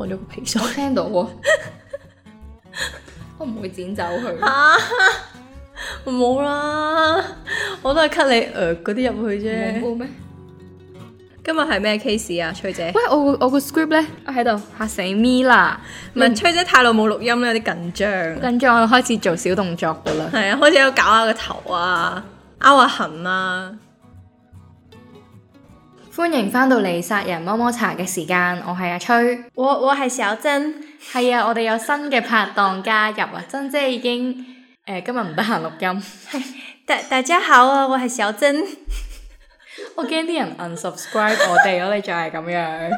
放咗個皮箱，聽到 啊！我唔會剪走佢啊！唔好啦，我都係 cut 你誒嗰啲入去啫。咩？今日係咩 case 啊？崔姐，喂，我我個 script 咧，喺度嚇死 me 啦！唔係崔姐太耐冇錄音啦，有啲緊張，緊張、嗯、我開始做小動作噶啦，係啊，開始有搞下個頭啊，拗下痕啊。歡迎返到嚟殺人摸摸茶嘅時間，我係阿吹，我我係小珍，係 啊，我哋有新嘅拍檔加入啊，珍姐已經誒、呃、今日唔得閒錄音。大 大家好啊，我係小珍。 我驚啲人 unsubscribe 我哋，啊，我哋就係咁樣。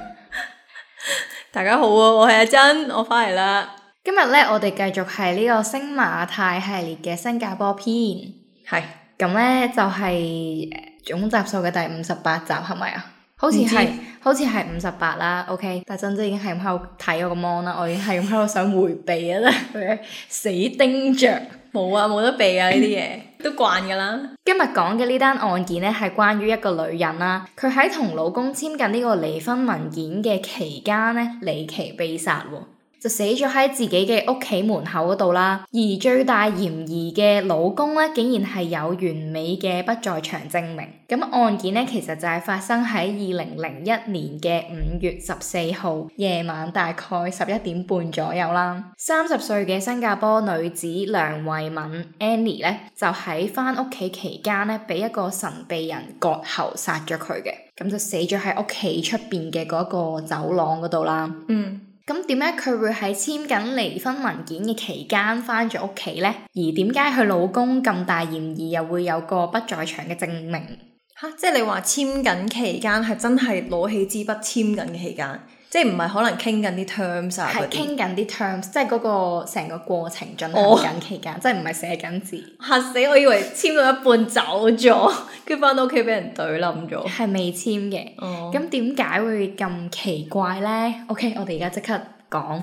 大家好啊，我係阿珍，我返嚟啦。今日咧，我哋繼續係呢個星馬泰系列嘅新加坡篇。係是，咁咧就係、是。總集數嘅第五十八集係咪啊？好似係，好似係五十八啦。OK，但真真已經係咁喺度睇我個 mon 啦我已經係咁喺度想回避 Danger 啊。啦，佢死盯着。冇啊，冇得避啊！呢啲嘢都慣噶啦。今日講嘅呢單案件咧，係關於一個女人啦、啊，佢喺同老公簽緊呢個離婚文件嘅期間咧，離奇被殺喎。就死咗喺自己嘅屋企門口嗰度啦，而最大嫌疑嘅老公咧，竟然係有完美嘅不在場證明。咁案件咧，其實就係發生喺二零零一年嘅五月十四號夜晚，大概十一點半左右啦。三十歲嘅新加坡女子梁慧敏 Annie 咧，就喺翻屋企期間咧，俾一個神秘人割喉殺咗佢嘅，咁就死咗喺屋企出邊嘅嗰個走廊嗰度啦。嗯。咁點解佢會喺簽緊離婚文件嘅期間返咗屋企咧？而點解佢老公咁大嫌疑又會有個不在場嘅證明？吓，即係你話簽緊期間係真係攞起支筆簽緊嘅期間？即係唔係可能傾緊啲 terms 啊？係傾緊啲 terms，即係嗰個成個過程進行緊期間，oh. 即係唔係寫緊字。嚇死！我以為簽到一半走咗，跟住翻到屋企俾人懟冧咗。係未簽嘅。哦。咁點解會咁奇怪咧？OK，我哋而家即刻講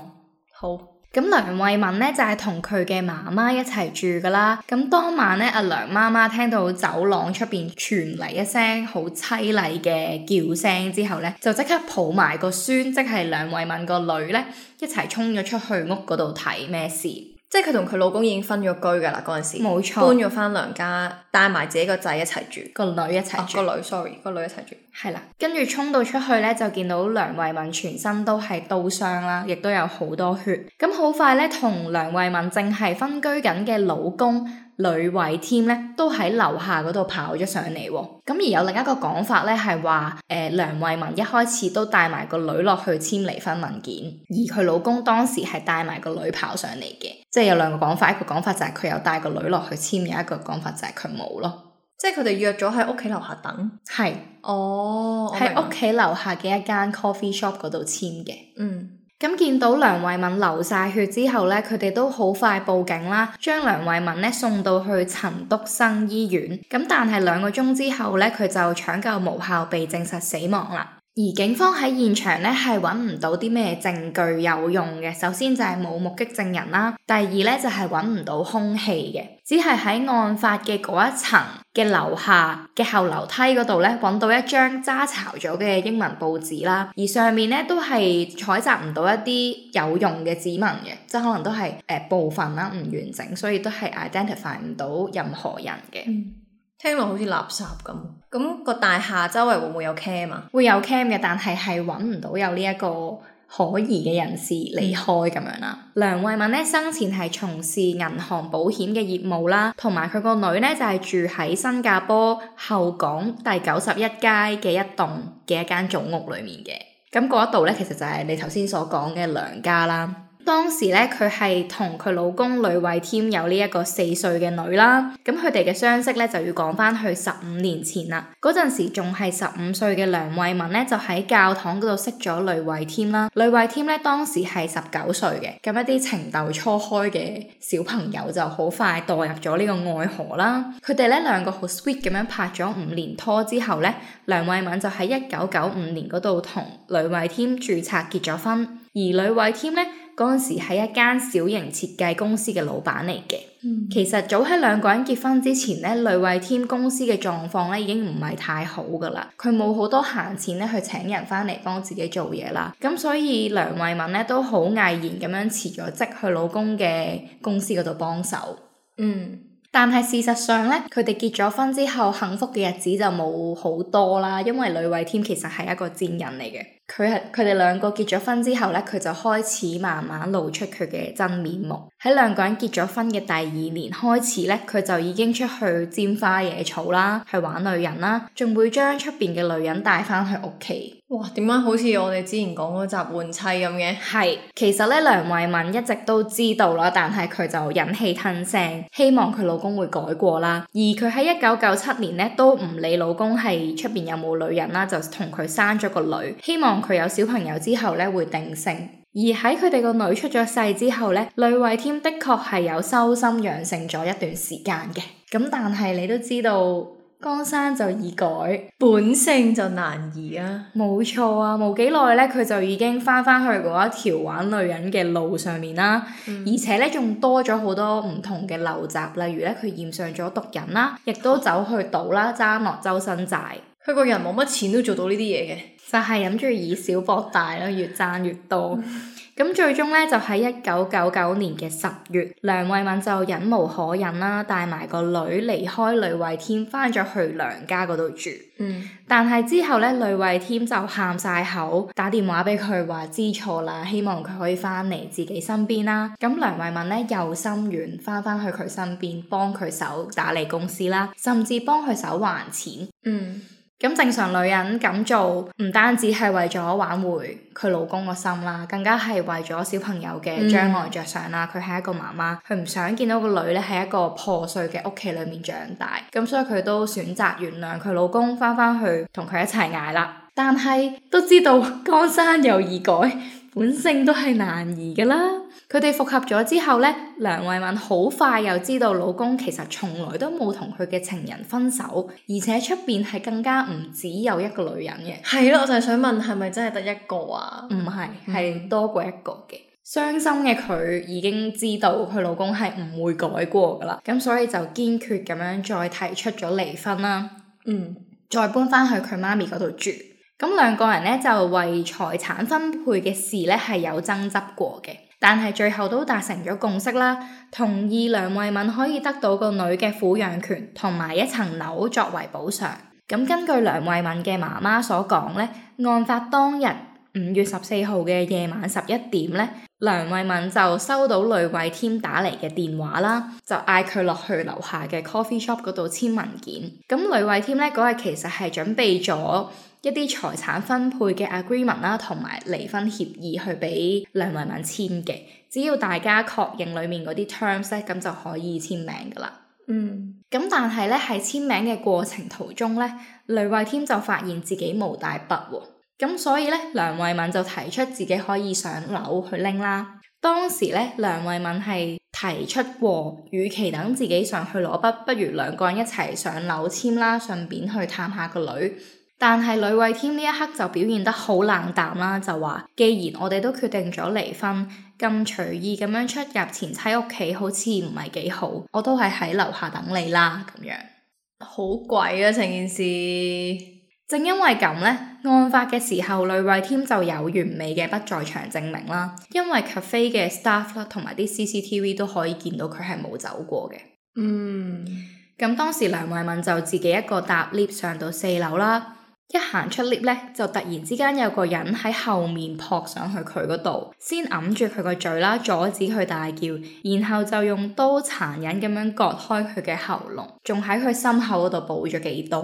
好。咁梁慧敏咧就係同佢嘅媽媽一齊住㗎啦，咁當晚咧，阿梁媽媽聽到走廊出面傳嚟一聲好淒厲嘅叫聲之後咧，就即刻抱埋個孫，即係梁慧敏個女咧，一齊衝咗出去屋嗰度睇咩事。即係佢同佢老公已經分咗居噶啦，嗰陣時冇錯，搬咗翻娘家，帶埋自己個仔一齊住、哦，個女一齊住，個女，sorry，個女一齊住，係啦。跟住衝到出去咧，就見到梁慧敏全身都係刀傷啦，亦都有好多血。咁好快咧，同梁慧敏正係分居緊嘅老公。呂偉添咧，都喺樓下嗰度跑咗上嚟喎、哦。咁而有另一個講法咧，係話誒梁慧文一開始都帶埋個女落去簽離婚文件，而佢老公當時係帶埋個女跑上嚟嘅，即係有兩個講法。一個講法就係佢有帶個女落去簽，有一個講法就係佢冇咯。即係佢哋約咗喺屋企樓下等，係哦是，喺屋企樓下嘅一間 coffee shop 嗰度簽嘅，嗯。咁見到梁慧敏流曬血之後咧，佢哋都好快報警啦，將梁慧敏咧送到去陳篤生醫院。咁但係兩個鐘之後咧，佢就搶救無效，被證實死亡啦。而警方喺現場咧，係揾唔到啲咩證據有用嘅。首先就係冇目擊證人啦，第二咧就係揾唔到兇器嘅，只係喺案發嘅嗰一層嘅樓下嘅後樓梯嗰度咧揾到一張揸巢咗嘅英文報紙啦。而上面咧都係採集唔到一啲有用嘅指紋嘅，即係可能都係誒、呃、部分啦，唔完整，所以都係 identify 唔到任何人嘅。嗯。聽落好似垃圾咁。咁、個大廈周圍會唔會有 cam？啊？會有 cam 嘅，但係係揾唔到有呢一個可疑嘅人士離開咁樣啦。嗯、梁慧敏咧生前係從事銀行保險嘅業務啦，同埋佢個女咧就係、是、住喺新加坡後港第九十一街嘅一棟嘅一間祖屋裏面嘅。咁嗰一度咧，其實就係你頭先所講嘅梁家啦。當時咧，佢係同佢老公呂偉添有呢一個四歲嘅女啦。咁佢哋嘅相識咧，就要講翻去十五年前啦。嗰陣時仲係十五歲嘅梁慧敏咧，就喺教堂嗰度識咗呂偉添啦。呂偉添咧當時係十九歲嘅。咁一啲情竇初開嘅小朋友就好快墮入咗呢個愛河啦。佢哋咧兩個好 sweet 咁樣拍咗五年拖之後咧，梁慧敏就喺一九九五年嗰度同呂偉添註冊結咗婚，而呂偉添咧。嗰陣時係一間小型設計公司嘅老闆嚟嘅，嗯、其實早喺兩個人結婚之前咧，呂偉添公司嘅狀況咧已經唔係太好噶啦，佢冇好多閒錢咧去請人返嚟幫自己做嘢啦，咁所以梁慧敏咧都好毅然咁樣辭咗職去老公嘅公司嗰度幫手。嗯，但係事實上咧，佢哋結咗婚之後，幸福嘅日子就冇好多啦，因為呂偉添其實係一個賤人嚟嘅。佢係佢哋兩個結咗婚之後呢，佢就開始慢慢露出佢嘅真面目。喺兩個人結咗婚嘅第二年開始呢，佢就已經出去拈花惹草啦，去玩女人啦，仲會將出邊嘅女人帶翻去屋企。哇，點解好似我哋之前講嗰集換妻咁嘅？係，其實咧，梁慧敏一直都知道啦，但係佢就忍氣吞聲，希望佢老公會改過啦。而佢喺一九九七年咧，都唔理老公係出邊有冇女人啦，就同佢生咗個女，希望佢有小朋友之後咧，會定性。而喺佢哋個女出咗世之後咧，呂偉添的確係有修心養性咗一段時間嘅。咁但係你都知道。江山就易改，本性就難移啊！冇錯啊，冇幾耐咧，佢就已經返返去嗰一條玩女人嘅路上面啦，嗯、而且咧仲多咗好多唔同嘅陋習，例如咧佢染上咗毒癮啦，亦都走去賭啦，爭、哦、落周身債。佢個人冇乜錢都做到呢啲嘢嘅，嗯、就係諗住以小博大啦，越爭越多。嗯咁最終咧就喺一九九九年嘅十月，梁慧敏就忍無可忍啦，帶埋個女離開呂偉添，翻咗去娘家嗰度住。嗯，但係之後咧，呂偉添就喊晒口，打電話俾佢話知錯啦，希望佢可以翻嚟自己身邊啦。咁梁慧敏咧又心軟，翻翻去佢身邊幫佢手打理公司啦，甚至幫佢手還錢。嗯。嗯咁正常女人咁做，唔單止係為咗挽回佢老公個心啦，更加係為咗小朋友嘅將來着想啦。佢係、嗯、一個媽媽，佢唔想見到個女咧喺一個破碎嘅屋企裏面長大，咁所以佢都選擇原諒佢老公，翻翻去同佢一齊捱啦。但係都知道江山有易改，本性都係難移㗎啦。佢哋復合咗之後咧，梁慧敏好快又知道老公其實從來都冇同佢嘅情人分手，而且出邊係更加唔只有一個女人嘅。係咯， 我就係想問，係咪真係得一個啊？唔係，係多過一個嘅。嗯、傷心嘅佢已經知道佢老公係唔會改過㗎喇，咁所以就堅決咁樣再提出咗離婚啦。嗯，再搬返去佢媽咪嗰度住。咁兩個人咧就為財產分配嘅事咧係有爭執過嘅。但係最後都達成咗共識啦，同意梁慧敏可以得到個女嘅撫養權，同埋一層樓作為補償。咁根據梁慧敏嘅媽媽所講咧，案發當日五月十四號嘅夜晚十一點咧，梁慧敏就收到呂偉添打嚟嘅電話啦，就嗌佢落去樓下嘅 coffee shop 嗰度簽文件。咁呂偉添咧嗰日其實係準備咗。一啲財產分配嘅 agreement 啦，同埋離婚協議，去俾梁慧敏簽嘅。只要大家確認裡面嗰啲 terms 咁就可以簽名㗎喇。嗯，咁但係咧，喺簽名嘅過程途中呢，呂偉添就發現自己冇帶筆喎，咁所以咧，梁慧敏就提出自己可以上樓去拎啦。當時咧，梁慧敏係提出過，與其等自己上去攞筆，不如兩個人一齊上樓簽啦，順便去探下個女兒。但係呂偉添呢一刻就表現得好冷淡啦，就話，既然我哋都決定咗離婚，咁隨意咁樣出入前妻屋企好似唔係幾好，我都係喺樓下等你啦咁樣。好鬼啊！成件事正因為咁咧，案發嘅時候呂偉添就有完美嘅不在場證明啦，因為咖啡嘅 staff 啦同埋啲 CCTV 都可以見到佢係冇走過嘅。嗯，咁當時梁慧敏就自己一個搭 lift 上到四樓啦。一行出 lift 咧，就突然之間有個人喺後面撲上去佢嗰度，先揞住佢個嘴啦，阻止佢大叫，然後就用刀殘忍咁樣割開佢嘅喉嚨，仲喺佢心口嗰度補咗幾刀，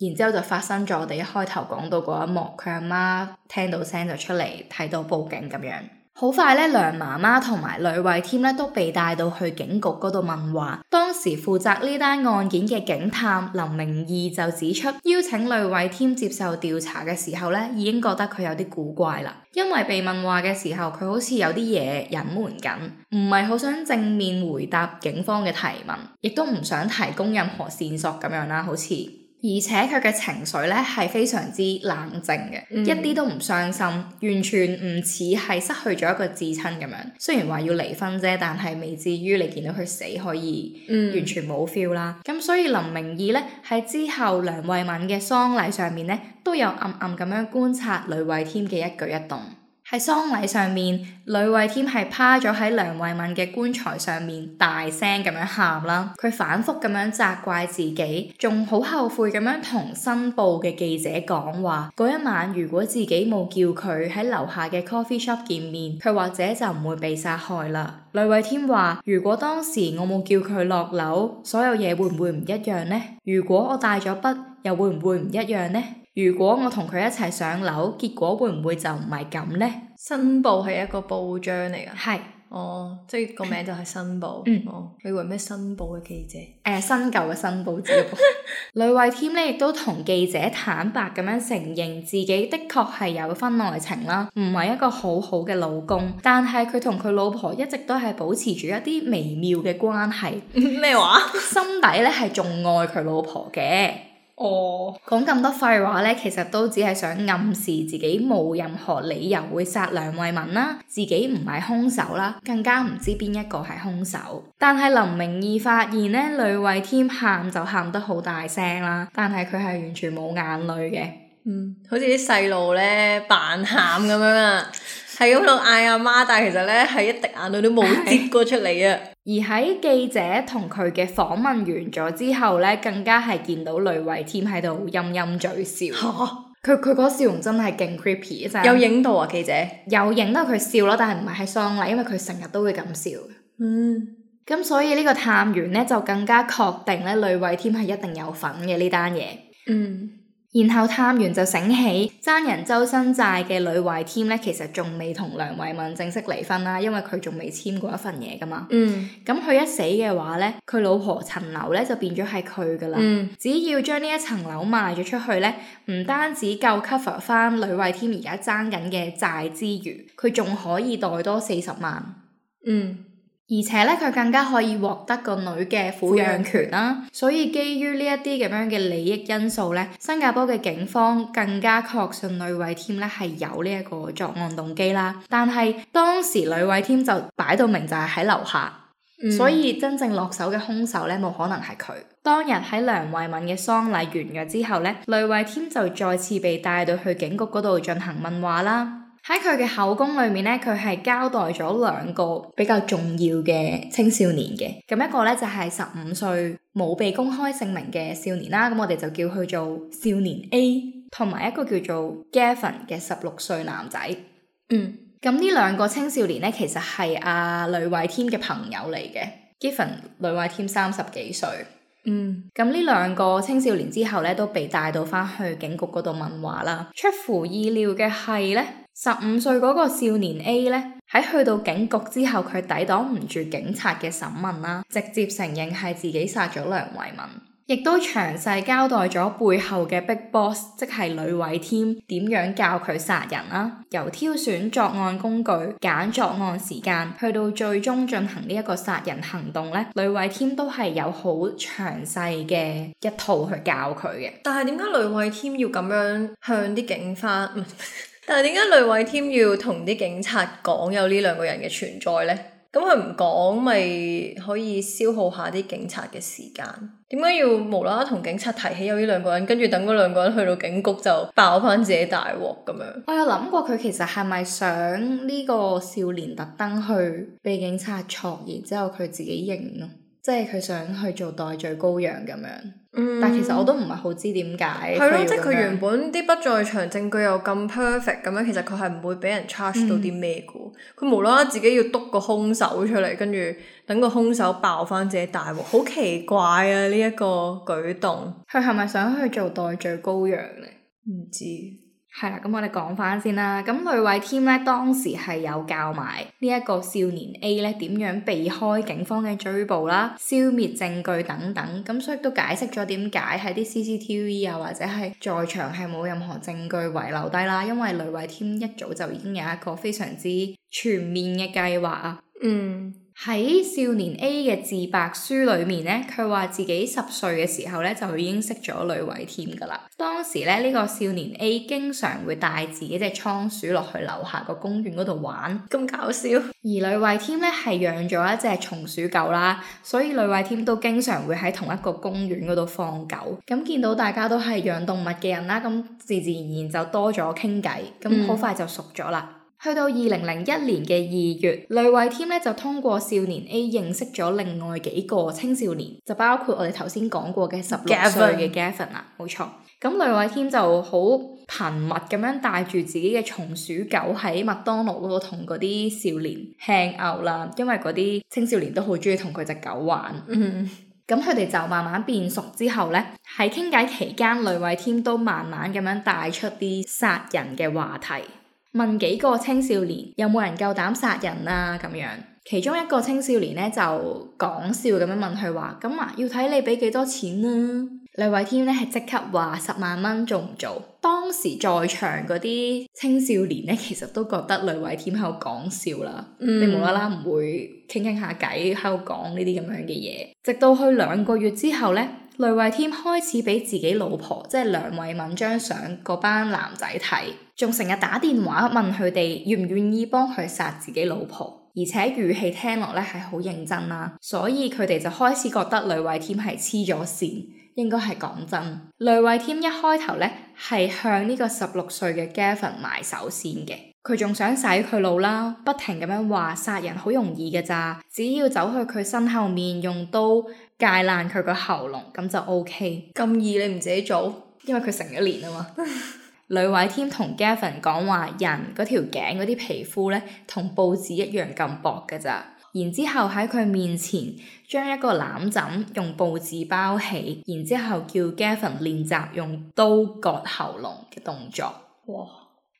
然之後就發生咗我哋一開頭講到嗰一幕，佢阿媽聽到聲就出嚟睇到報警咁樣。好快呢，梁媽媽同埋呂偉添都被帶到去警局嗰度問話。當時負責呢單案件嘅警探林明義就指出，邀請呂偉添接受調查嘅時候呢，已經覺得佢有啲古怪啦。因為被問話嘅時候，佢好似有啲嘢隱瞞緊，唔係好想正面回答警方嘅提問，亦都唔想提供任何線索咁樣啦，好似。而且佢嘅情緒咧係非常之冷靜嘅，嗯、一啲都唔傷心，完全唔似係失去咗一個至親咁樣。雖然話要離婚啫，但係未至於你見到佢死可以完全冇 feel 啦。咁、嗯、所以林明義咧喺之後梁慧敏嘅喪禮上面咧，都有暗暗咁樣觀察呂偉添嘅一舉一動。喺喪禮上面，呂偉添係趴咗喺梁慧敏嘅棺材上面大聲咁樣喊啦，佢反覆咁樣責怪自己，仲好後悔咁樣同新報嘅記者講話。嗰一晚如果自己冇叫佢喺樓下嘅 coffee shop 見面，佢或者就唔會被殺害啦。呂偉添話：如果當時我冇叫佢落樓，所有嘢會唔會唔一樣呢？如果我帶咗筆，又會唔會唔一樣呢？如果我同佢一齊上樓，結果會唔會就唔係咁呢？申報係一個報章嚟噶，係哦是，即係、oh, 個名就係申報，嗯，哦，你話咩？申報嘅記者，誒，uh, 新舊嘅申報紙。呂偉添呢亦都同記者坦白咁樣承認，自己的確係有婚外情啦，唔係一個好好嘅老公，但係佢同佢老婆一直都係保持住一啲微妙嘅關係，咩話 astic yummy？心底咧係仲愛佢老婆嘅。adolescents se bajo discussion 哦，講咁、oh. 多廢話咧，其實都只係想暗示自己冇任何理由會殺梁慧敏啦，自己唔係凶手啦，更加唔知邊一個係凶手。但係林明義發現咧，呂偉添喊就喊得好大聲啦，但係佢係完全冇眼淚嘅，嗯，好似啲細路咧扮喊咁樣啊。 係咁度嗌阿媽，但係其實咧，係一滴眼淚都冇跌過出嚟啊！而喺記者同佢嘅訪問完咗之後咧，更加係見到呂偉添喺度陰陰嘴笑。吓！佢佢嗰笑容真係勁 creepy，真係。有影到啊！記者有影到佢笑啦，但係唔係喺喪禮，因為佢成日都會咁笑。嗯。咁所以呢個探員咧就更加確定咧，呂偉添係一定有份嘅呢單嘢。嗯。然後貪完就醒起，爭人周身債嘅呂偉添咧，其實仲未同梁慧敏正式離婚啦，因為佢仲未簽過一份嘢噶嘛。嗯，咁佢、嗯、一死嘅話咧，佢老婆陳樓咧就變咗係佢噶啦。嗯，只要將呢一層樓賣咗出去咧，唔單止夠 cover 翻呂偉添而家爭緊嘅債之餘，佢仲可以袋多四十萬。嗯。而且呢，佢更加可以獲得個女嘅撫養權啦，啊，所以基於呢一啲咁樣嘅利益因素呢，新加坡嘅警方更加確信呂偉添呢係有呢一個作案動機啦。但係當時呂偉添就擺到明就係喺樓下，嗯、所以真正落手嘅兇手呢冇可能係佢。當日喺梁慧敏嘅喪禮完咗之後呢，呂偉添就再次被帶到去警局嗰度進行問話啦。喺佢嘅口供裏面呢佢係交代咗兩個比較重要嘅青少年嘅，咁一個咧就係十五歲冇被公開姓名嘅少年啦，咁我哋就叫佢做少年 A，同埋一個叫做 Gavin 嘅十六歲男仔。嗯，咁呢兩個青少年咧，其實係阿呂偉添嘅朋友嚟嘅，Gavin 呂偉添三十幾歲。嗯，咁呢兩個青少年之後咧都被帶到返去警局嗰度問話啦。出乎意料嘅係咧，十五歲嗰個少年 A 呢，喺去到警局之後，佢抵擋唔住警察嘅審問啦，直接承認係自己殺咗梁慧敏。亦都詳細交代咗背後嘅 big boss，即係呂偉添，點樣教佢殺人啦、啊？由挑選作案工具、揀作案時間，去到最終進行呢一個殺人行動呢，呂偉添都係有好詳細嘅一套去教佢嘅。但係點解呂偉添要咁樣向啲警方？ 但係點解呂偉添要同啲警察講有呢兩個人嘅存在呢？咁佢唔講，咪可以消耗下啲警察嘅時間。點解要無啦啦同警察提起有呢兩個人，跟住等嗰兩個人去到警局就爆翻自己大鑊咁樣？我有諗過佢其實係咪想呢個少年特登去被警察戳，然之後佢自己認咯？即係佢想去做代罪羔羊咁樣，嗯、但其實我都唔係好知點解。係咯，即係佢原本啲不在場證據又咁 perfect 咁樣，其實佢係唔會俾人 charge 到啲咩嘅。佢，嗯、無啦啦自己要篤個兇手出嚟，跟住等個兇手爆翻自己大鑊，好奇怪啊！呢、這、一個舉動，佢係咪想去做代罪羔羊咧？唔知。係啦，咁我哋講翻先啦。咁呂偉添咧當時係有教埋呢一個少年 A 咧點樣避開警方嘅追捕啦，消滅證據等等。咁所以都解釋咗點解喺啲 CCTV 啊或者係在場係冇任何證據遺留低啦。因為呂偉添一早就已經有一個非常之全面嘅計劃啊。嗯。喺少年 A 嘅自白書裏面呢，佢話自己十歲嘅時候呢，就已經識咗呂偉添㗎喇。當時呢，呢、這個少年 A 經常會帶自己隻倉鼠落去樓下個公園嗰度玩，咁搞笑。而呂偉添呢係養咗一隻松鼠狗啦，所以呂偉添都經常會喺同一個公園嗰度放狗。咁見到大家都係養動物嘅人啦，咁自自然然就多咗傾偈，咁好快就熟咗啦。嗯去到二零零一年嘅二月，呂偉添咧就通過少年 A 認識咗另外幾個青少年，就包括我哋頭先講過嘅十六歲嘅 Gavin 啊，冇錯。咁呂偉添就好頻密咁樣帶住自己嘅松鼠狗喺麥當勞嗰度同嗰啲少年 hang out 啦，因為嗰啲青少年都好中意同佢隻狗玩。咁佢哋就慢慢變熟之後咧，喺傾偈期間，呂偉添都慢慢咁樣帶出啲殺人嘅話題。問幾個青少年有冇人夠膽殺人啊？咁樣，其中一個青少年咧就講笑咁樣問佢話，咁啊，要睇你俾幾多錢啦？呂偉添咧係即刻話十萬蚊做唔做？當時在場嗰啲青少年咧，其實都覺得呂偉添喺度講笑啦。嗯、你無啦啦唔會傾傾下偈，喺度講呢啲咁樣嘅嘢，直到去兩個月之後咧。呂偉添開始俾自己老婆，即係梁慧敏張相嗰班男仔睇，仲成日打電話問佢哋願唔願意幫佢殺自己老婆，而且語氣聽落咧係好認真啦，所以佢哋就開始覺得呂偉添係黐咗線，應該係講真。呂偉添一開頭咧係向呢個十六歲嘅 Gavin 埋手先嘅，佢仲想洗佢腦啦，不停咁樣話殺人好容易嘅咋，只要走去佢身後面用刀，戒爛佢個喉嚨，咁就 OK。咁易你唔自己做，因為佢成一年啊嘛。呂 偉添同 Gavin 講話人嗰條頸嗰啲皮膚咧，同報紙一樣咁薄㗎咋。然之後喺佢面前將一個攬枕用報紙包起，然之後叫 Gavin 練習用刀割喉嚨嘅動作。哇！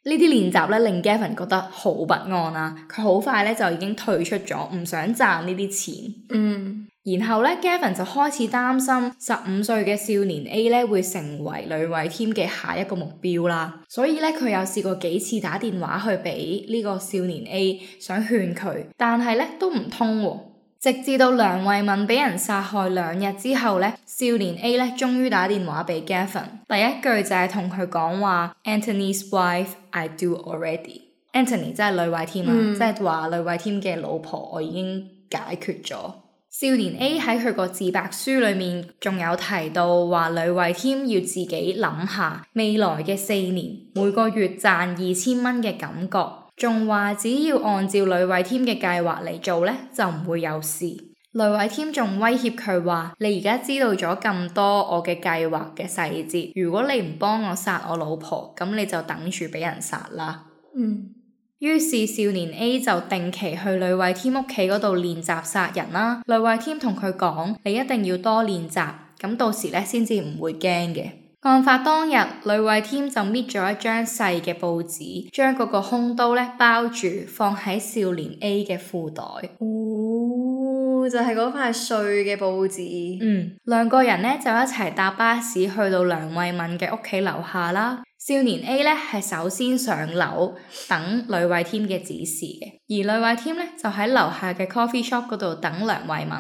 呢啲練習咧令 Gavin 覺得好不安啦，佢好快咧就已經退出咗，唔想賺呢啲錢。嗯。然後咧，Gavin 就開始擔心十五歲嘅少年 A 咧會成為呂偉添嘅下一個目標啦。所以咧，佢有試過幾次打電話去俾呢個少年 A，想勸佢，但係咧都唔通、哦。直至到梁慧敏俾人殺害兩日之後咧，少年 A 咧終於打電話俾 Gavin，第一句就係同佢講話：Anthony's wife, I do already. Anthony 即係呂偉添啊，嗯、即係話呂偉添嘅老婆，我已經解決咗。少年 A 喺佢個自白書裏面仲有提到話，呂偉添要自己諗下未來嘅四年每個月賺二千蚊嘅感覺，仲話只要按照呂偉添嘅計劃嚟做咧就唔會有事。呂偉添仲威脅佢話：你而家知道咗咁多我嘅計劃嘅細節，如果你唔幫我殺我老婆，咁你就等住俾人殺啦。嗯。於是少年 A 就定期去呂偉添屋企嗰度練習殺人啦。呂偉添同佢講：你一定要多練習，咁到時咧先至唔會驚嘅。案發當日，呂偉添就搣咗一張細嘅報紙，將嗰個空刀咧包住，放喺少年 A 嘅褲袋。哦，就係嗰塊碎嘅報紙。嗯，兩個人咧就一齊搭巴士去到梁衛敏嘅屋企樓下啦。少年 A 呢，係首先上樓等呂偉添嘅指示嘅，而呂偉添呢，就喺樓下嘅 coffee shop 嗰度等梁慧敏。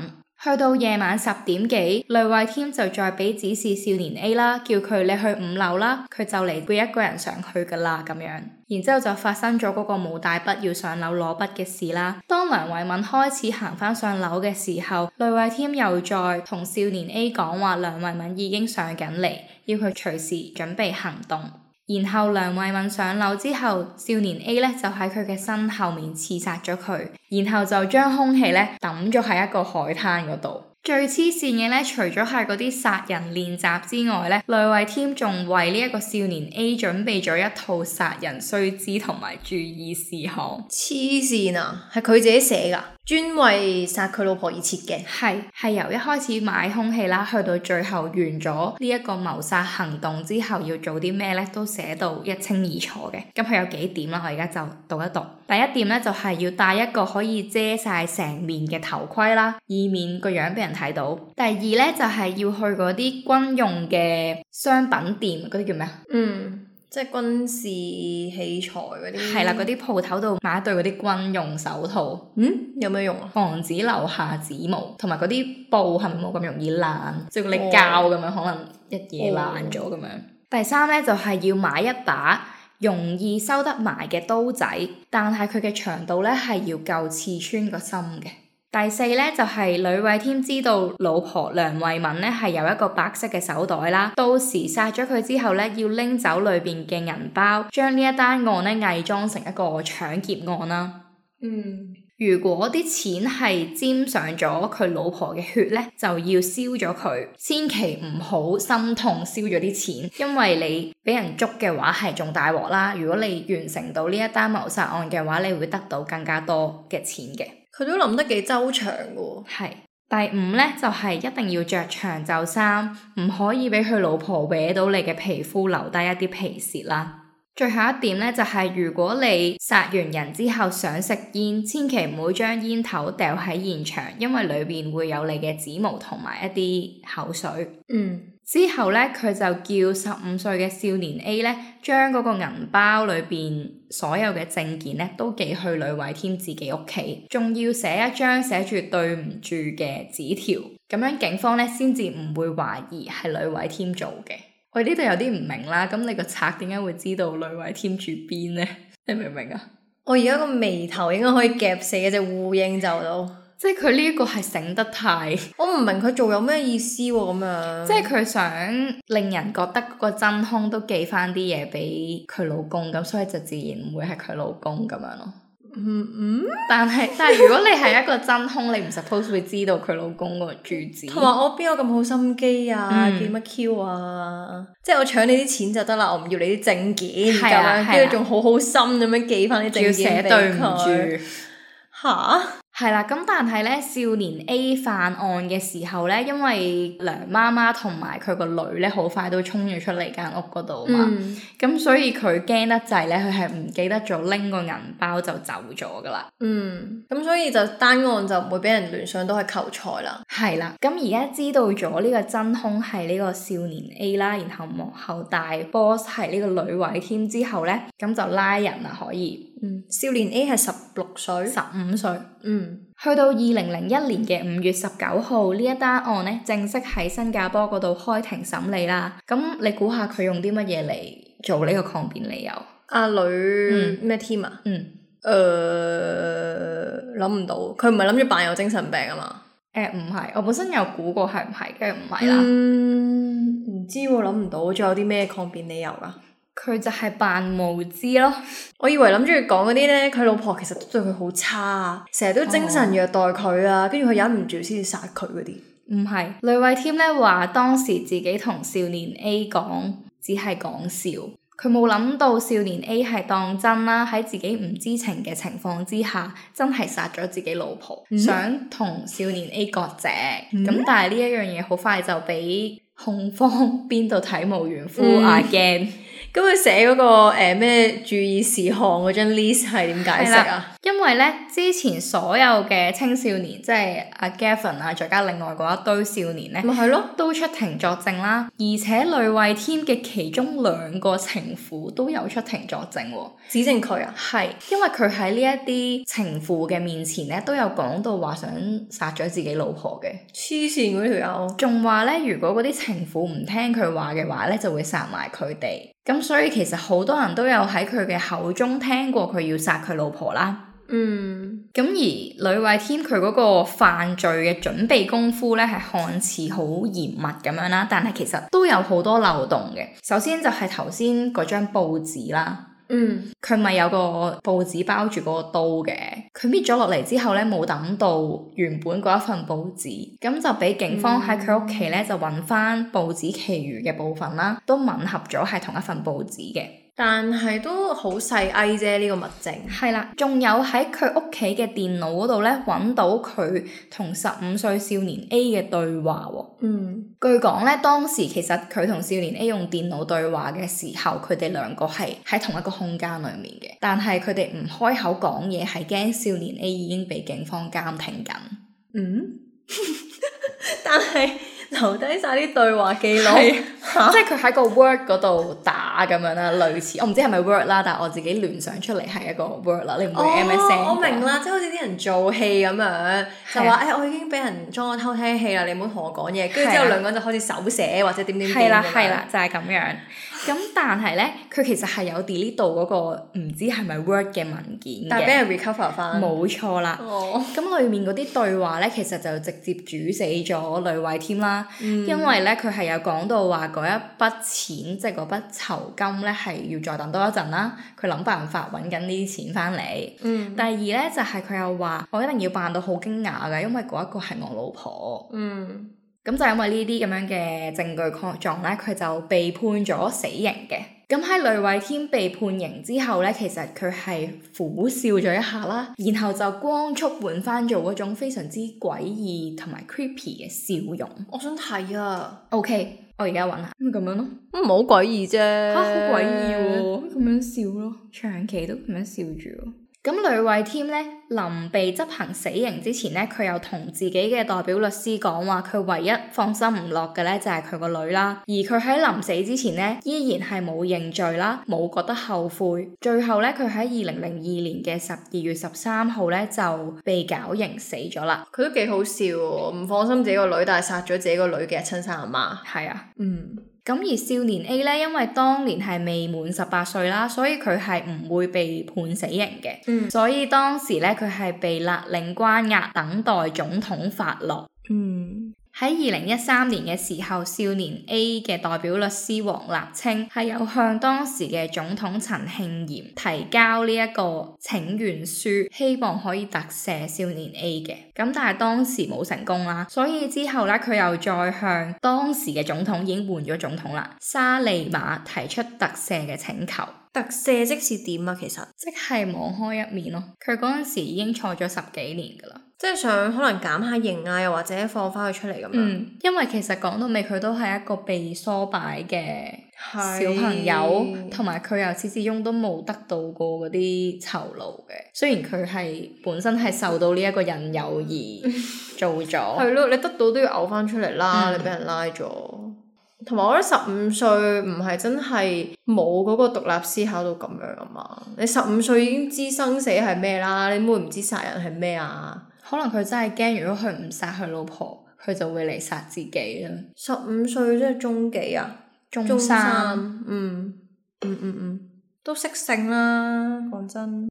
去到夜晚十點幾，呂偉添就再俾指示少年 A 啦，叫佢你去五樓啦，佢就嚟會一個人上去噶啦咁樣。然之後就發生咗嗰個冇帶筆要上樓攞筆嘅事啦。當梁慧敏開始行返上樓嘅時候，呂偉添又在同少年 A 講話，梁慧敏已經上緊嚟，要佢隨時準備行動。然後梁慧敏上樓之後，少年 A 咧，就喺佢嘅身後面刺殺咗佢，然後就將兇器咧抌咗喺一個海灘嗰度。最黐線嘅咧，除咗係嗰啲殺人練習之外呢，呂偉添仲為呢一個少年 A 準備咗一套殺人須知同埋注意事項。黐線啊，係佢自己寫噶。專為殺佢老婆而設嘅，係係由一開始買兇器啦，去到最後完咗呢一個謀殺行動之後，要做啲咩咧，都寫到一清二楚嘅。咁佢有幾點啦？我而家就讀一讀。第一點咧，就係、是、要戴一個可以遮晒成面嘅頭盔啦，以免個樣俾人睇到。第二咧，就係、是、要去嗰啲軍用嘅商品店，嗰啲叫咩啊？嗯。即係軍事器材嗰啲，係啦，嗰啲鋪頭度買一對嗰啲軍用手套，嗯，有咩用啊？防止留下指模，同埋嗰啲布係咪冇咁容易爛？即係你教咁樣，可能一嘢爛咗咁樣。哦哦、第三咧就係、是、要買一把容易收得埋嘅刀仔，但係佢嘅長度咧係要夠刺穿個心嘅。第四咧就係呂偉添知道老婆梁慧敏咧，係有一個白色嘅手袋啦，到時殺咗佢之後咧，要拎走裏邊嘅銀包，將呢一單案咧偽裝成一個搶劫案啦。嗯，如果啲錢係沾上咗佢老婆嘅血咧，就要燒咗佢，千祈唔好心痛燒咗啲錢，因為你俾人捉嘅話係仲大鑊啦。如果你完成到呢一單謀殺案嘅話，你會得到更加多嘅錢嘅。佢都諗得幾周詳嘅。係第五咧就係、是、一定要着長袖衫，唔可以俾佢老婆搲到你嘅皮膚，留低一啲皮屑啦。最後一點咧就係、是、如果你殺完人之後想食煙，千祈唔好將煙頭掉喺現場，因為裏邊會有你嘅指毛同埋一啲口水。嗯。之後咧，佢就叫十五歲嘅少年 A 咧，將嗰個銀包裏邊所有嘅證件咧，都寄去呂偉添自己屋企，仲要寫一張寫住對唔住嘅紙條，咁樣警方咧先至唔會懷疑係呂偉添做嘅。我呢度有啲唔明啦，咁你個賊點解會知道呂偉添住邊咧？你明唔明啊？我而家個眉頭應該可以夾死一隻烏蠅就到。即係佢呢一個係醒得太，我唔明佢做有咩意思咁、啊、樣。即係佢想令人覺得個真兇都寄翻啲嘢俾佢老公，咁所以就自然唔會係佢老公咁樣咯、嗯。嗯嗯，但係但係如果你係一個真兇， 你唔 suppose 會知道佢老公個住址。同埋我邊有咁好心機啊？叫乜、嗯、Q 啊？即係我搶你啲錢就得啦，我唔要你啲證件咁樣，跟住仲好好心咁樣寄翻啲證件要寫對唔住。吓、啊？係啦，咁但係咧，少年 A 犯案嘅時候咧，因為梁媽媽同埋佢個女咧，好快都衝咗出嚟間屋嗰度嘛，咁、嗯、所以佢驚得滯咧，佢係唔記得咗拎個銀包就走咗噶啦。嗯，咁所以就單案就唔會俾人聯想到係求財啦。係啦，咁而家知道咗呢個真凶係呢個少年 A 啦，然後幕後大 boss 係呢個呂偉添之後咧，咁就拉人啦可以。嗯，少年 A 係十六歲，十五歲。嗯，去到二零零一年嘅五月十九號呢一單案咧，正式喺新加坡嗰度開庭審理啦。咁你估下佢用啲乜嘢嚟做呢個抗辯理由？阿女咩 team 啊？嗯，誒，諗唔到，佢唔係諗住扮有精神病啊嘛？誒、呃，唔係，我本身又估過係唔係，梗係唔係啦。嗯，唔知喎，諗唔到，仲有啲咩抗辯理由噶？佢就係扮無知咯，我以為諗住講嗰啲呢，佢老婆其實都對佢好差啊，成日都精神虐待佢啊，跟、哦、住佢忍唔住先至殺佢嗰啲。唔係，呂偉添呢話當時自己同少年 A 講只係講笑，佢冇諗到少年 A 係當真啦，喺自己唔知情嘅情況之下，真係殺咗自己老婆，嗯、哼想同少年 A 割席。咁、嗯、哼但係呢一樣嘢好快就俾控方邊度體無完膚、嗯、啊，驚！咁佢寫嗰、那個誒咩注意事項嗰張 l i a s e 係點解釋啊？因為呢，之前所有嘅青少年，即係阿 Gavin 啊，再加另外嗰一堆少年呢，咪係咯，都出庭作證啦。而且女衞添 e 嘅其中兩個情婦都有出庭作證指證佢啊。係、啊、因為佢喺呢一啲情婦嘅面前咧，都有講到話想殺咗自己老婆嘅黐線嗰條友，仲話咧如果嗰啲情婦唔聽佢話嘅話咧，就會殺埋佢哋。咁所以其實好多人都有喺佢嘅口中聽過佢要殺佢老婆啦。嗯。咁而呂偉添佢嗰個犯罪嘅準備功夫咧，係看似好嚴密咁樣啦，但係其實都有好多漏洞嘅。首先就係頭先嗰張報紙啦。嗯，佢咪有個報紙包住嗰個刀嘅，佢搣咗落嚟之後呢，冇等到原本嗰一份報紙，咁就俾警方喺佢屋企呢就揾翻報紙其餘嘅部分啦，都吻合咗係同一份報紙嘅。但係都好細 I 啫，呢、這個物證係啦，仲有喺佢屋企嘅電腦嗰度呢，揾到佢同十五歲少年 A 嘅對話。哦。嗯，據講呢，當時其實佢同少年 A 用電腦對話嘅時候，佢哋兩個係喺同一個空間裏面嘅，但係佢哋唔開口講嘢，係驚少年 A 已經被警方監聽緊。嗯， 但係留低晒啲對話記錄，即係佢喺個 Word 嗰度打。咁樣啦，類似我唔知係咪 Word 啦，但係我自己聯想出嚟係一個 Word 啦，你唔好 MSN。哦、我明啦，即係好似啲人做戲咁樣，啊、就話誒、哎、我已經俾人裝個偷聽器啦，你唔好同我講嘢，跟住、啊、之後兩個人就開始手寫或者點點點啦，係啦、啊啊，就係、是、咁樣。咁但係咧，佢其實係有 delete 到嗰個唔知係咪 Word 嘅文件，但係俾人 recover 翻。冇錯啦。哦。咁裡面嗰啲對話咧，其實就直接煮死咗呂偉添啦，嗯、因為咧佢係有講到話嗰一筆錢即係嗰筆籌。金咧係要再等多一陣啦，佢諗辦法搵緊呢啲錢翻嚟。嗯，第二咧就係、是、佢又話我一定要扮到好驚訝嘅，因為嗰一個係我老婆。嗯，咁就因為呢啲咁樣嘅證據確鑿咧，佢就被判咗死刑嘅。咁喺呂偉添被判刑之後咧，其實佢係苦笑咗一下啦，然後就光速換翻做嗰種非常之詭異同埋 creepy 嘅笑容。我想睇啊。O K。我而家搵下，咁樣咯，唔係好詭異啫，吓，好詭異喎，咁樣笑咯，長期都咁樣笑住。咁呂偉添呢，臨、呃呃、被執行死刑之前呢，佢又同自己嘅代表律師講話，佢唯一放心唔落嘅呢，就係佢個女啦。而佢喺臨死之前呢，依然係冇認罪啦，冇覺得後悔。最後呢，佢喺二零零二年嘅十二月十三號呢，就被絞刑死咗啦。佢都幾好笑，唔放心自己個女，但係殺咗自己個女嘅親生阿媽。係啊，嗯。咁而少年 A 咧，因為當年係未滿十八歲啦，所以佢係唔會被判死刑嘅。嗯，所以當時咧，佢係被勒令關押，等待總統發落。嗯。喺二零一三年嘅時候，少年 A 嘅代表律師黃立清係有向當時嘅總統陳慶炎提交呢一個請願書，希望可以特赦少年 A 嘅。咁但係當時冇成功啦，所以之後咧佢又再向當時嘅總統，已經換咗總統啦，沙利馬提出特赦嘅請求。特赦即是點啊？其實即係網開一面咯。佢嗰陣時已經坐咗十幾年噶啦。即係想可能減下刑啊，又或者放翻佢出嚟咁、嗯。因為其實講到尾，佢都係一個被唆擺嘅小朋友，同埋佢由始至終都冇得到過嗰啲酬勞嘅。雖然佢係本身係受到呢一個引誘而做咗。係咯， 你得到都要嘔翻出嚟啦！嗯、你俾人拉咗。同埋我覺得十五歲唔係真係冇嗰個獨立思考到咁樣啊嘛！你十五歲已經知生死係咩啦？你會唔會唔知殺人係咩啊？可能佢真係驚，如果佢唔殺佢老婆，佢就會嚟殺自己啦。十五歲即係中幾啊？中三，中三嗯，嗯嗯嗯，嗯都識性啦。講真，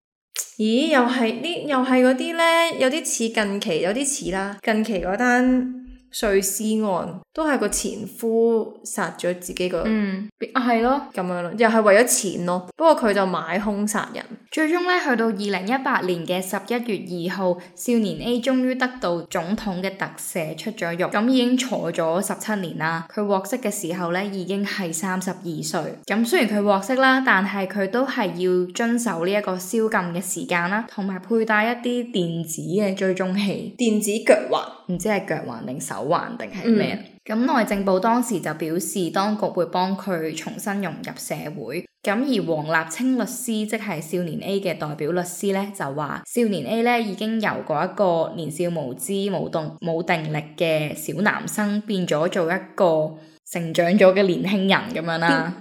咦，又係啲，又係嗰啲咧，有啲似近期，有啲似啦。近期嗰單。碎屍案都係個前夫殺咗自己個，嗯，係咯，咁樣咯，又係為咗錢咯。不過佢就買兇殺人，最終咧去到二零一八年嘅十一月二號，少年 A 終於得到總統嘅特赦出咗獄，咁已經坐咗十七年啦。佢獲釋嘅時候咧已經係三十二歲，咁雖然佢獲釋啦，但係佢都係要遵守呢一個宵禁嘅時間啦，同埋佩戴一啲電子嘅追蹤器，電子腳環。唔知係腳環定手環定係咩？咁內、嗯、政部當時就表示，當局會幫佢重新融入社會。咁而黃立清律師，即係少年 A 嘅代表律師咧，就話少年 A 咧已經由一個年少無知、無動、冇定力嘅小男生，變咗做一個成長咗嘅年輕人咁樣啦。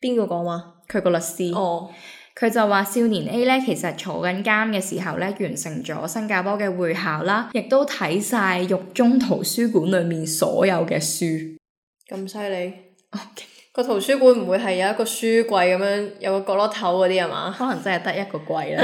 邊個講話？佢個律師。Oh. 佢就話少年 A 呢，其實坐緊監嘅時候呢，完成咗新加坡嘅會考啦，亦都睇晒獄中圖書館裏面所有嘅書。咁犀利？個 Okay. 圖書館唔會係有一個書櫃咁樣，有個角落頭嗰啲係嘛？可能真係得一個櫃啦。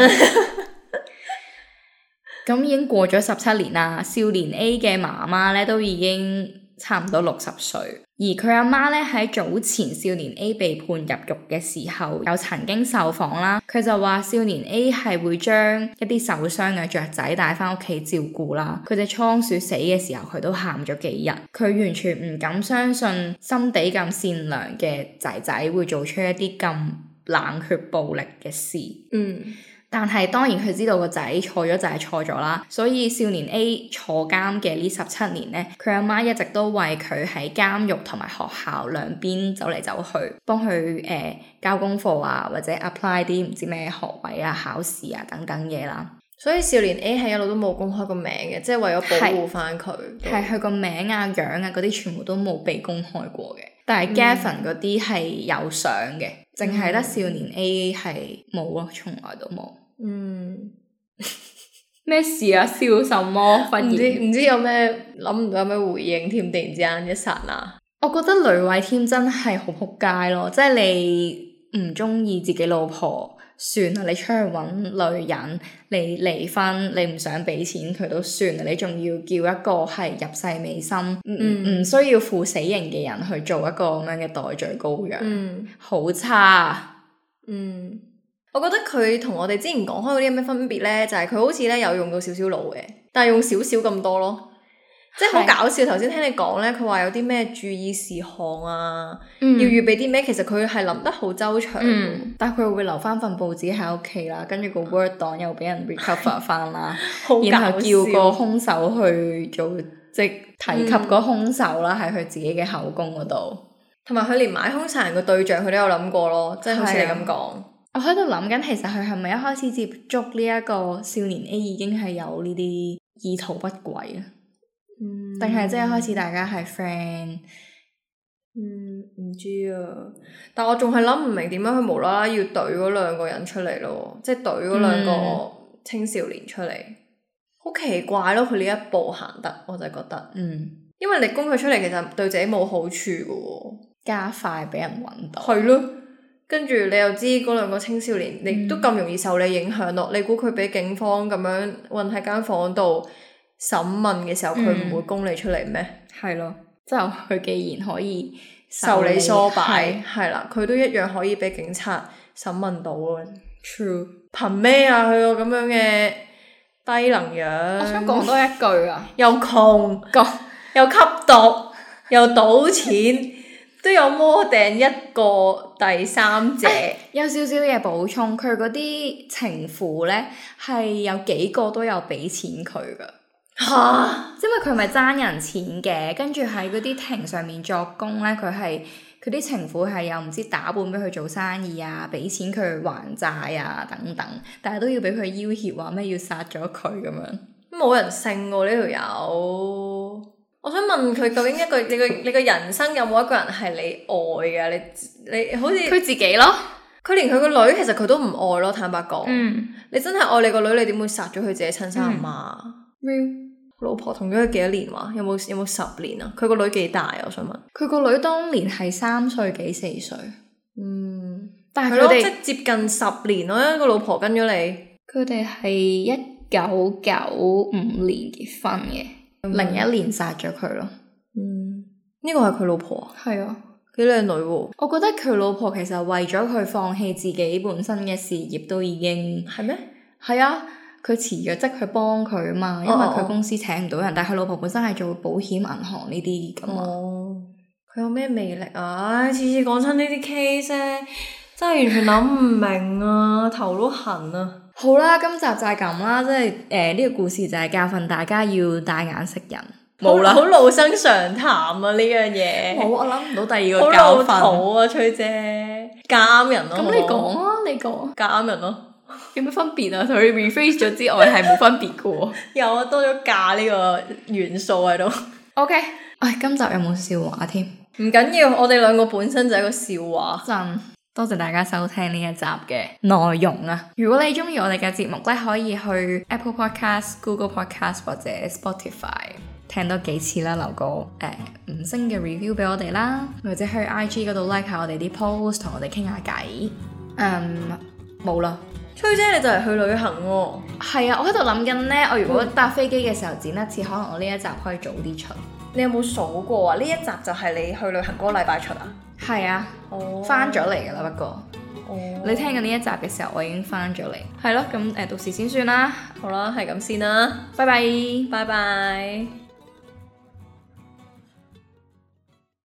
咁 已經過咗十七年啦，少年 A 嘅媽媽呢，都已經。差唔多六十歲，而佢阿媽咧，喺早前少年 A 被判入獄嘅時候，又曾經受訪啦，佢就話少年 A 係會將一啲受傷嘅雀仔帶翻屋企照顧啦，佢隻倉鼠死嘅時候，佢都喊咗幾日，佢完全唔敢相信心底咁善良嘅仔仔會做出一啲咁冷血暴力嘅事。嗯。但係當然佢知道個仔錯咗就係錯咗啦，所以少年 A 坐監嘅呢十七年咧，佢阿媽一直都為佢喺監獄同埋學校兩邊走嚟，走去，幫佢誒交功課啊，或者 apply 啲唔知咩學位啊、考試啊等等嘢啦。所以少年 A 係一路都冇公開個名嘅，即係為咗保護翻佢，係佢個名啊、樣啊嗰啲全部都冇被公開過嘅。但係 Gavin 嗰啲係有相嘅，淨係得少年 A 係冇，啊，從來都冇。嗯，咩 事啊？笑什麼？唔知唔知，知有咩諗唔到有咩回應添？突然之間一剎那，嗯、我覺得呂偉添真係好撲街咯！即、就、係、是、你唔中意自己老婆，算啦，你出去揾女人，你離婚，你唔想俾錢佢都算，你仲要叫一個係入世未深，唔唔、嗯嗯、需要負死刑嘅人去做一個咁樣嘅代罪羔羊，好、嗯、差，嗯。我覺得佢同我哋之前講開嗰啲有咩分別咧，就係、是、佢好似咧有用到少少腦嘅，但係用少少咁多咯，即係好搞笑。頭先的聽你講咧，佢話有啲咩注意事項啊，嗯、要預備啲咩，其實佢係諗得好周詳。嗯、但係佢會留翻份報紙喺屋企啦，跟住個 Word 檔又俾人 recover 翻啦，然後，個 然後叫個兇手去做即係提及個兇手啦喺佢自己嘅口供嗰度，同埋佢連買兇殺人嘅對象佢都有諗過咯，的即係好似你咁講。我喺度諗緊，其實佢係咪一開始接觸呢一個少年 A 已經係有呢啲意圖不軌啊？定係即係開始大家係 friend？嗯，唔知啊。但我仲係諗唔明點解佢無啦啦要供嗰兩個人出嚟咯？即係供嗰兩個青少年出嚟，好、嗯、奇怪咯！佢呢一步行得，我就覺得，嗯，因為你供佢出嚟，其實對自己冇好處噶，加快俾人揾到，係咯。跟住你又知嗰兩個青少年，你都咁容易受你影響咯？嗯、你估佢俾警方咁樣困喺間房度審問嘅時候，佢唔、嗯、會供你出嚟咩？係咯，就佢既然可以受你，受你唆擺，係啦的，佢都一樣可以俾警察審問到啊！True，憑咩啊？佢個咁樣嘅低能樣，我想講多一句啊！ 又窮窮， 又吸毒，又賭錢。 都有 more than 一個第三者，哎、有少少嘢補充，佢嗰啲情婦咧，係有幾個都有俾錢佢噶，嚇、啊，因為佢咪爭人錢嘅，跟住喺嗰啲庭上面作供咧，佢係佢啲情婦係又唔知打本俾佢做生意啊，俾錢佢還債啊等等，但係都要俾佢要脅話咩要殺咗佢咁樣，冇人性喎呢條友。這個我想問佢究竟一個你個你個人生有冇一個人係你愛嘅？你你好似佢自己咯，佢連佢個女其實佢都唔愛咯。坦白講、嗯，你真係愛你個女，你點會殺咗佢自己親生阿媽？老婆同咗佢幾多年話？有冇有冇十年啊？佢個女幾大啊？我想問。佢個女當年係三歲幾四歲？嗯，但係佢哋即係接近十年咯，因個老婆跟咗你。佢哋係一九九五年結婚嘅。零一年殺咗佢咯，嗯，呢個係佢老婆，係啊，幾靚女，啊，我覺得佢老婆其實為咗佢放棄自己本身嘅事業都已經，係咩？係啊，佢辭咗職去幫佢嘛，因為佢公司請唔到人，哦，但係佢老婆本身係做保險銀行呢啲咁啊，佢，哦，有咩魅力啊？唉，哎，次次講親呢啲 case，真係完全諗唔明啊， 頭都痕啊！好啦，今集就係咁啦，即係誒呢個故事就係教訓大家要帶眼識人，冇啦，好老生常談啊呢樣嘢。好，我諗唔到第二個教訓。好老土啊，崔姐，嫁人咯。咁你講啊，你講嫁人咯，有咩分別啊？同你 rephrase 咗之外，係冇分別嘅。有啊，多咗嫁呢個元素喺度。OK，唉，今集有冇笑話添？唔緊要緊緊，我哋兩個本身就係個笑話。真。多謝大家收聽呢一集嘅內容啊！如果你中意我哋嘅節目咧，可以去 Apple Podcast、Google Podcast 或者 Spotify 聽多幾次啦，留個誒五呃星嘅 review 俾我哋啦，或者去 IG 嗰度 like 下我哋啲 post，同我哋傾下偈。嗯、um，冇啦，崔姐你就嚟去旅行喎啊。係啊，我喺度諗緊呢。我如果搭飛機嘅時候剪一次，可能我呢一集可以早啲出。你有冇數過啊？呢一集就係你去旅行嗰個禮拜出啊？係啊，翻咗嚟㗎啦，不過、oh. 你聽緊呢一集嘅時候，我已經翻咗嚟。係咯，咁誒，到時先算啦。好啦，係咁先啦，拜拜，拜拜。